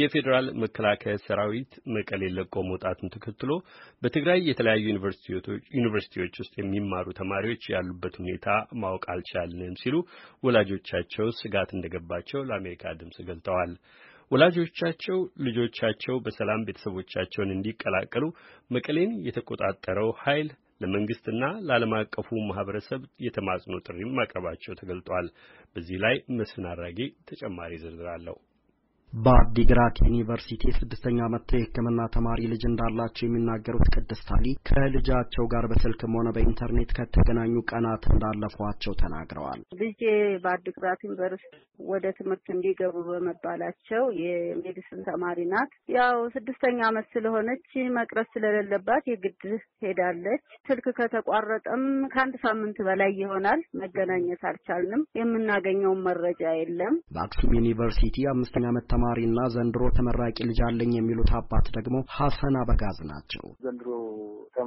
የፌዴራል መከላከያ ሰራዊት መቀሌ ለቆ መውጣትን ተከትሎ በትግራይ የተለያዩ ዩኒቨርሲቲዎች ውስጥ የሚማሩ ተማሪዎች ያሉበት ሁኔታ ማወቅ አልቻልንም ሲሉ ወላጆቻቸው ስጋት እንደገባቸው ለአሜሪካ ድምፅ ገልጠዋል። ወላጆቻቸው ልጆቻቸው በሰላም ቤተሰቦቻቸውን እንዲቀላቀሉ መቀሌን የተቆጣጠረው ኃይል ለመንግስትና ለዓለም አቀፉ ማህበረሰብ የተማጽኖ ጥሪም ማቅረባቸው ተገልጧል። በዚህ ላይ መስፍን አራጌ ተጨማሪ ዝርዝር አለው። በአዲግራት ዩኒቨርሲቲ የስድስተኛ ዓመት የሕክምና ተማሪ ልጅ እንዳላቸው የሚናገሩት ቅድስት አሊ ከልጃቸው ጋር በስልክም ሆነ በኢንተርኔት ከተገናኙ ቀናት እንዳለፏቸው ተናግረዋል። ልጄ በአዲግራት ዩኒቨርሲቲ ወደ ትምህርት እንዲገቡ በመባላቸው የሜዲስን ተማሪ ናት። ያው ስድስተኛ ዓመት ስለሆነች መቅረት ስለሌለባት የግድ ሄዳለች። ስልክ ከተቋረጠም ከአንድ ሳምንት በላይ ይሆናል። መገናኘት አልቻልንም። የምናገኘውን መረጃ የለም። በአክሱም ዩኒቨርሲቲ አምስተኛ ዓመት ተማሪና ዘንድሮ ተመራቂ ልጅ አለኝ የሚሉት አባት ደግሞ ሀሰን አበጋዝ ናቸው። ዘንድሮ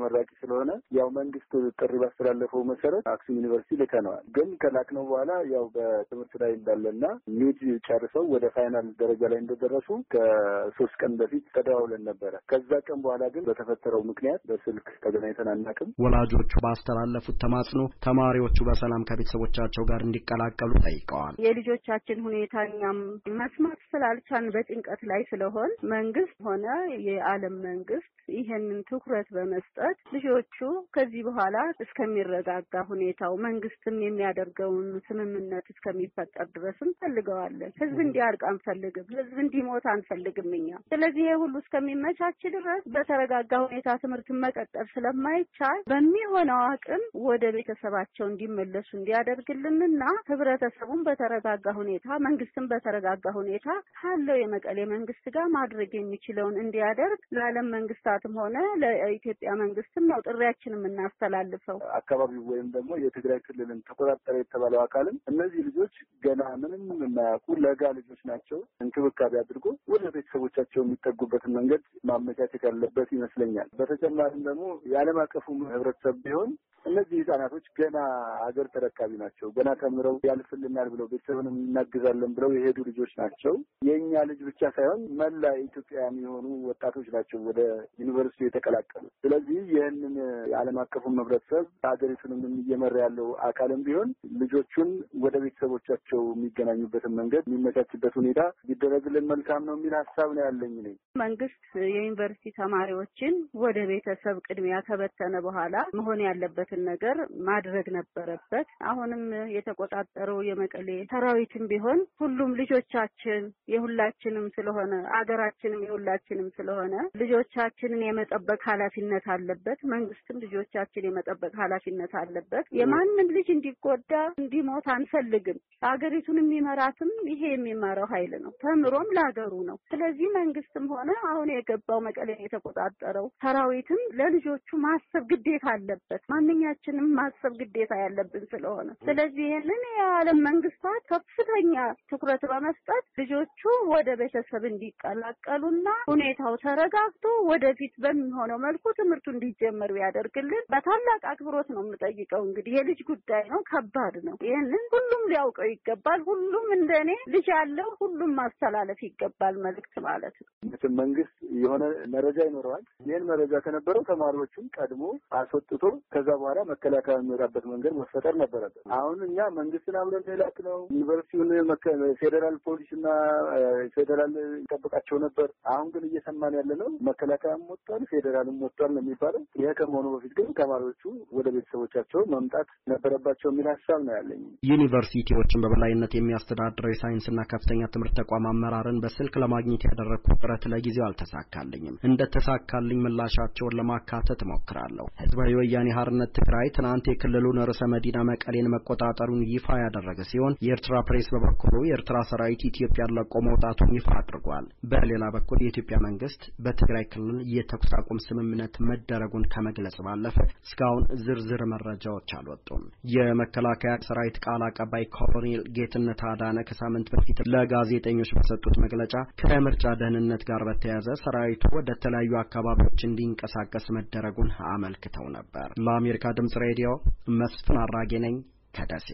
ተመራቂ ስለሆነ ያው መንግስት ጥሪ ባስተላለፈው መሰረት አክሱም ዩኒቨርሲቲ ልከነዋል። ግን ከላክነው በኋላ ያው በትምህርት ላይ እንዳለና ሚድ ጨርሰው ወደ ፋይናል ደረጃ ላይ እንደደረሱ ከሶስት ቀን በፊት ተደዋውለን ነበረ። ከዛ ቀን በኋላ ግን በተፈጠረው ምክንያት በስልክ ተገናኝተን አናውቅም። ወላጆቹ ባስተላለፉት ተማጽኖ ተማሪዎቹ በሰላም ከቤተሰቦቻቸው ጋር እንዲቀላቀሉ ጠይቀዋል። የልጆቻችን ሁኔታ እኛም መስማት ስላልቻን በጭንቀት ላይ ስለሆን መንግስት ሆነ የዓለም መንግስት ይህንን ትኩረት በመስጠት በመስጠት ልጆቹ ከዚህ በኋላ እስከሚረጋጋ ሁኔታው መንግስትም የሚያደርገውን ስምምነት እስከሚፈጠር ድረስ እንፈልገዋለን። ህዝብ እንዲያርቅ አንፈልግም። ህዝብ እንዲሞት አንፈልግም እኛ። ስለዚህ ይህ ሁሉ እስከሚመቻች ድረስ በተረጋጋ ሁኔታ ትምህርትን መቀጠል ስለማይቻል በሚሆነው አቅም ወደ ቤተሰባቸው እንዲመለሱ እንዲያደርግልንና ህብረተሰቡን በተረጋጋ ሁኔታ መንግስትን በተረጋጋ ሁኔታ ካለው የመቀሌ መንግስት ጋር ማድረግ የሚችለውን እንዲያደርግ ለዓለም መንግስታትም ሆነ ለኢትዮጵያ መንግስት መንግስትም ነው ጥሪያችን የምናስተላልፈው። አካባቢው ወይም ደግሞ የትግራይ ክልልን ተቆጣጠረ የተባለው አካልም እነዚህ ልጆች ገና ምንም የማያውቁ ለጋ ልጆች ናቸው፣ እንክብካቤ አድርጎ ወደ ቤተሰቦቻቸው የሚጠጉበትን መንገድ ማመቻቸት ያለበት ይመስለኛል። በተጨማሪም ደግሞ የዓለም አቀፉ ህብረተሰብ ቢሆን እነዚህ ህጻናቶች ገና ሀገር ተረካቢ ናቸው። ገና ተምረው ያልፍልናል ብለው ቤተሰብን እናግዛለን ብለው የሄዱ ልጆች ናቸው። የእኛ ልጅ ብቻ ሳይሆን መላ ኢትዮጵያውያን የሆኑ ወጣቶች ናቸው ወደ ዩኒቨርሲቲ የተቀላቀሉ። ስለዚህ ይህንን የዓለም አቀፉን ህብረተሰብ ሀገሪቱንም እየመራ ያለው አካልም ቢሆን ልጆቹን ወደ ቤተሰቦቻቸው የሚገናኙበትን መንገድ የሚመቻችበት ሁኔታ ቢደረግልን መልካም ነው የሚል ሀሳብ ነው ያለኝ ነኝ። መንግስት የዩኒቨርሲቲ ተማሪዎችን ወደ ቤተሰብ ቅድሚያ ከበተነ በኋላ መሆን ያለበትን ነገር ማድረግ ነበረበት። አሁንም የተቆጣጠረው የመቀሌ ሰራዊትም ቢሆን ሁሉም ልጆቻችን የሁላችንም ስለሆነ አገራችንም የሁላችንም ስለሆነ ልጆቻችንን የመጠበቅ ኃላፊነት አለበት። አለበት። መንግስትም ልጆቻችን የመጠበቅ ኃላፊነት አለበት። የማንም ልጅ እንዲጎዳ እንዲሞት አንፈልግም። ሀገሪቱን የሚመራትም ይሄ የሚመራው ኃይል ነው። ተምሮም ለሀገሩ ነው። ስለዚህ መንግስትም ሆነ አሁን የገባው መቀሌ የተቆጣጠረው ሰራዊትም ለልጆቹ ማሰብ ግዴታ አለበት። ማንኛችንም ማሰብ ግዴታ ያለብን ስለሆነ ስለዚህ ይህንን የዓለም መንግስታት ከፍተኛ ትኩረት በመስጠት ልጆቹ ወደ ቤተሰብ እንዲቀላቀሉና ሁኔታው ተረጋግቶ ወደፊት በሚሆነው መልኩ ትምህርቱ እንዲ እንዲጀመሩ ያደርግልን። በታላቅ አክብሮት ነው የምጠይቀው። እንግዲህ የልጅ ጉዳይ ነው፣ ከባድ ነው። ይህንን ሁሉም ሊያውቀው ይገባል። ሁሉም እንደ እኔ ልጅ አለው። ሁሉም ማስተላለፍ ይገባል መልዕክት ማለት ነው። መንግስት የሆነ መረጃ ይኖረዋል። ይህን መረጃ ከነበረው ተማሪዎቹን ቀድሞ አስወጥቶ ከዛ በኋላ መከላከያ የሚወጣበት መንገድ መፈጠር ነበረበት። አሁን እኛ መንግስትን አምረን ሌላት ነው ዩኒቨርሲቲውን ፌዴራል ፖሊስና ፌዴራል ይጠብቃቸው ነበር። አሁን ግን እየሰማን ያለ ነው መከላከያም ወጥቷል፣ ፌዴራልም ወጥቷል ነው የሚባለው። ይሄ ከመሆኑ በፊት ግን ተማሪዎቹ ወደ ቤተሰቦቻቸው መምጣት ነበረባቸው የሚል ሀሳብ ነው ያለኝ። ዩኒቨርሲቲዎችን በበላይነት የሚያስተዳድረው የሳይንስና ከፍተኛ ትምህርት ተቋም አመራርን በስልክ ለማግኘት ያደረግኩት ጥረት ለጊዜው አልተሳካልኝም። እንደተሳካልኝ ምላሻቸውን ለማካተት ሞክራለሁ። ህዝባዊ ወያኔ ሀርነት ትግራይ ትናንት የክልሉን ርዕሰ መዲና መቀሌን መቆጣጠሩን ይፋ ያደረገ ሲሆን የኤርትራ ፕሬስ በበኩሉ የኤርትራ ሰራዊት ኢትዮጵያን ለቆ መውጣቱን ይፋ አድርጓል። በሌላ በኩል የኢትዮጵያ መንግስት በትግራይ ክልል የተኩስ አቁም ስምምነት መደረ መደረጉን ከመግለጽ ባለፈ እስካሁን ዝርዝር መረጃዎች አልወጡም። የመከላከያ ሰራዊት ቃል አቀባይ ኮሎኔል ጌትነት አዳነ ከሳምንት በፊት ለጋዜጠኞች በሰጡት መግለጫ ከምርጫ ደህንነት ጋር በተያያዘ ሰራዊቱ ወደ ተለያዩ አካባቢዎች እንዲንቀሳቀስ መደረጉን አመልክተው ነበር። ለአሜሪካ ድምጽ ሬዲዮ መስፍን አራጌ ነኝ ከደሴ